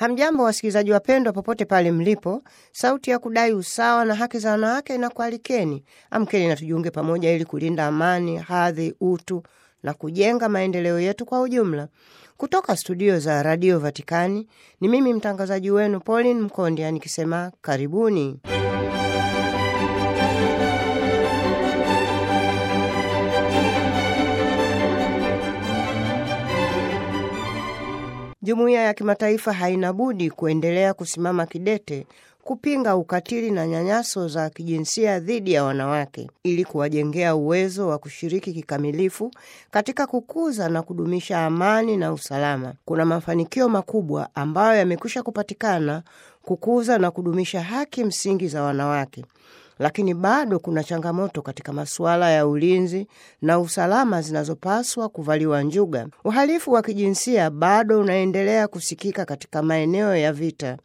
Hamjambo wasikilizaji wapendwa, popote pale mlipo. Sauti ya kudai usawa na haki za wanawake inakualikeni. Amkeni na tujiunge pamoja ili kulinda amani, hadhi, utu na kujenga maendeleo yetu kwa ujumla. Kutoka studio za Radio Vatikani ni mimi mtangazaji wenu Pauline Mkondia nikisema karibuni. jumuiya ya kimataifa haina budi kuendelea kusimama kidete kupinga ukatili na nyanyaso za kijinsia dhidi ya wanawake ili kuwajengea uwezo wa kushiriki kikamilifu katika kukuza na kudumisha amani na usalama. Kuna mafanikio makubwa ambayo yamekwisha kupatikana kukuza na kudumisha haki msingi za wanawake lakini bado kuna changamoto katika masuala ya ulinzi na usalama zinazopaswa kuvaliwa njuga. Uhalifu wa kijinsia bado unaendelea kusikika katika maeneo ya vita.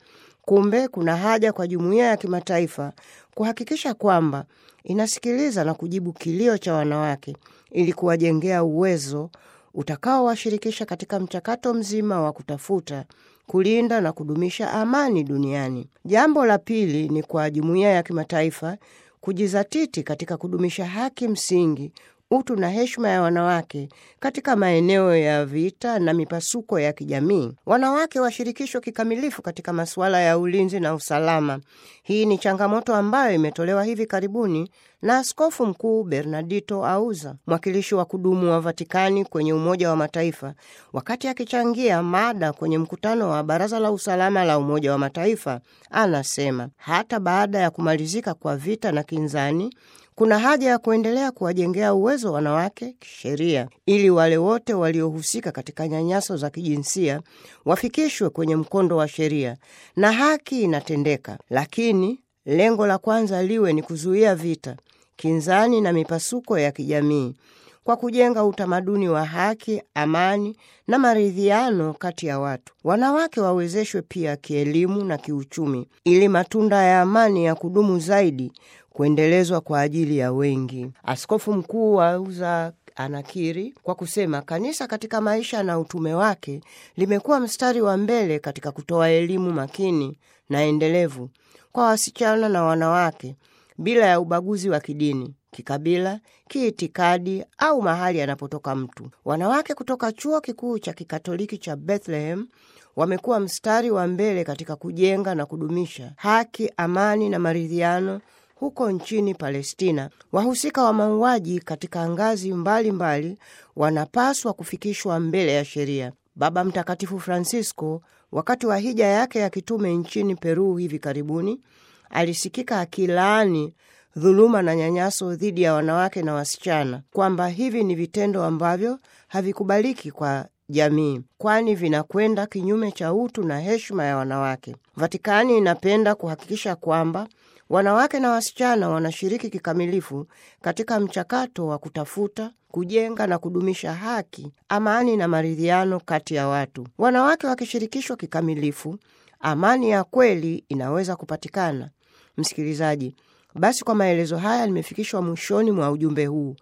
Kumbe kuna haja kwa jumuiya ya kimataifa kuhakikisha kwamba inasikiliza na kujibu kilio cha wanawake ili kuwajengea uwezo utakaowashirikisha katika mchakato mzima wa kutafuta kulinda na kudumisha amani duniani. Jambo la pili ni kwa jumuiya ya kimataifa kujizatiti katika kudumisha haki msingi utu na heshima ya wanawake katika maeneo ya vita na mipasuko ya kijamii. Wanawake washirikishwe kikamilifu katika masuala ya ulinzi na usalama. Hii ni changamoto ambayo imetolewa hivi karibuni na Askofu Mkuu Bernardito Auza, mwakilishi wa kudumu wa Vatikani kwenye Umoja wa Mataifa, wakati akichangia mada kwenye mkutano wa Baraza la Usalama la Umoja wa Mataifa, anasema hata baada ya kumalizika kwa vita na kinzani kuna haja ya kuendelea kuwajengea uwezo wanawake kisheria ili wale wote waliohusika katika nyanyaso za kijinsia wafikishwe kwenye mkondo wa sheria na haki inatendeka, lakini lengo la kwanza liwe ni kuzuia vita, kinzani na mipasuko ya kijamii kwa kujenga utamaduni wa haki, amani na maridhiano kati ya watu. Wanawake wawezeshwe pia kielimu na kiuchumi, ili matunda ya amani ya kudumu zaidi kuendelezwa kwa ajili ya wengi. Askofu mkuu wa uza anakiri kwa kusema kanisa katika maisha na utume wake limekuwa mstari wa mbele katika kutoa elimu makini na endelevu kwa wasichana na wanawake bila ya ubaguzi wa kidini, kikabila, kiitikadi au mahali anapotoka mtu. Wanawake kutoka chuo kikuu cha kikatoliki cha Bethlehem wamekuwa mstari wa mbele katika kujenga na kudumisha haki, amani na maridhiano huko nchini Palestina, wahusika wa mauaji katika ngazi mbalimbali wanapaswa kufikishwa mbele ya sheria. Baba Mtakatifu Francisco, wakati wa hija yake ya kitume nchini Peru hivi karibuni, alisikika akilaani dhuluma na nyanyaso dhidi ya wanawake na wasichana, kwamba hivi ni vitendo ambavyo havikubaliki kwa jamii kwani vinakwenda kinyume cha utu na heshima ya wanawake. Vatikani inapenda kuhakikisha kwamba Wanawake na wasichana wanashiriki kikamilifu katika mchakato wa kutafuta, kujenga na kudumisha haki, amani na maridhiano kati ya watu. Wanawake wakishirikishwa kikamilifu, amani ya kweli inaweza kupatikana. Msikilizaji, basi kwa maelezo haya nimefikishwa mwishoni mwa ujumbe huu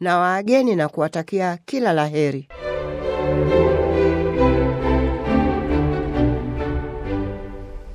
na waageni na kuwatakia kila la heri.